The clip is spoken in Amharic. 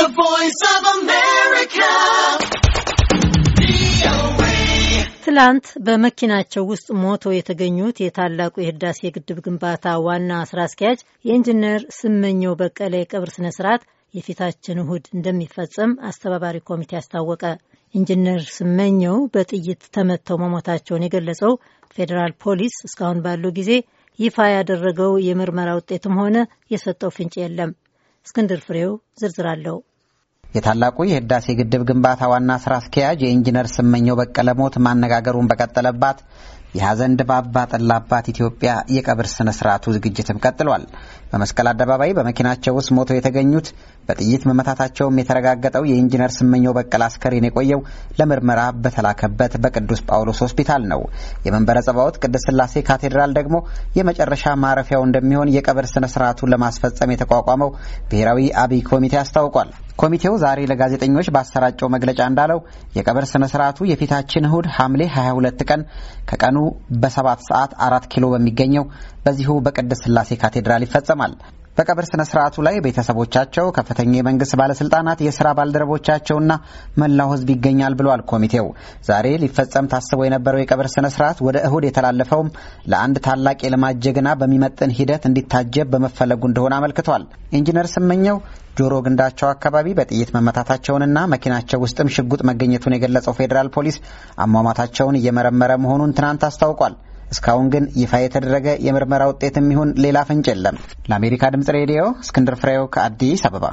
The Voice of America. ትላንት በመኪናቸው ውስጥ ሞተው የተገኙት የታላቁ የህዳሴ ግድብ ግንባታ ዋና ስራ አስኪያጅ የኢንጂነር ስመኘው በቀለ የቀብር ስነ ስርዓት የፊታችን እሁድ እንደሚፈጸም አስተባባሪ ኮሚቴ አስታወቀ። ኢንጂነር ስመኘው በጥይት ተመተው መሞታቸውን የገለጸው ፌዴራል ፖሊስ እስካሁን ባለው ጊዜ ይፋ ያደረገው የምርመራ ውጤትም ሆነ የሰጠው ፍንጭ የለም። እስክንድር ፍሬው ዝርዝር አለው። የታላቁ የህዳሴ ግድብ ግንባታ ዋና ስራ አስኪያጅ የኢንጂነር ስመኘው በቀለ ሞት ማነጋገሩን በቀጠለባት የሐዘን ድባብ ባጠላባት ኢትዮጵያ የቀብር ስነ ስርዓቱ ዝግጅትም ቀጥሏል። በመስቀል አደባባይ በመኪናቸው ውስጥ ሞተው የተገኙት በጥይት መመታታቸውም የተረጋገጠው የኢንጂነር ስመኘው በቀለ አስከሬን የቆየው ለምርመራ በተላከበት በቅዱስ ጳውሎስ ሆስፒታል ነው። የመንበረ ጸባዖት ቅድስት ስላሴ ካቴድራል ደግሞ የመጨረሻ ማረፊያው እንደሚሆን የቀብር ስነ ስርዓቱን ለማስፈጸም የተቋቋመው ብሔራዊ አብይ ኮሚቴ አስታውቋል። ኮሚቴው ዛሬ ለጋዜጠኞች ባሰራጨው መግለጫ እንዳለው የቀብር ስነ ስርዓቱ የፊታችን እሁድ ሐምሌ 22 ቀን ከቀኑ በሰባት ሰዓት አራት ኪሎ በሚገኘው በዚሁ በቅድስት ስላሴ ካቴድራል ይፈጸማል። በቀብር ስነ ስርዓቱ ላይ ቤተሰቦቻቸው፣ ከፍተኛ የመንግስት ባለስልጣናት፣ የስራ ባልደረቦቻቸውና መላው ህዝብ ይገኛል ብሏል ኮሚቴው። ዛሬ ሊፈጸም ታስቦ የነበረው የቀብር ስነ ስርዓት ወደ እሁድ የተላለፈውም ለአንድ ታላቅ የልማት ጀግና በሚመጥን ሂደት እንዲታጀብ በመፈለጉ እንደሆነ አመልክቷል። ኢንጂነር ስመኘው ጆሮ ግንዳቸው አካባቢ በጥይት መመታታቸውንና መኪናቸው ውስጥም ሽጉጥ መገኘቱን የገለጸው ፌዴራል ፖሊስ አሟሟታቸውን እየመረመረ መሆኑን ትናንት አስታውቋል። እስካሁን ግን ይፋ የተደረገ የምርመራ ውጤትም ይሁን ሌላ ፍንጭ የለም። ለአሜሪካ ድምጽ ሬዲዮ እስክንድር ፍሬው ከአዲስ አበባ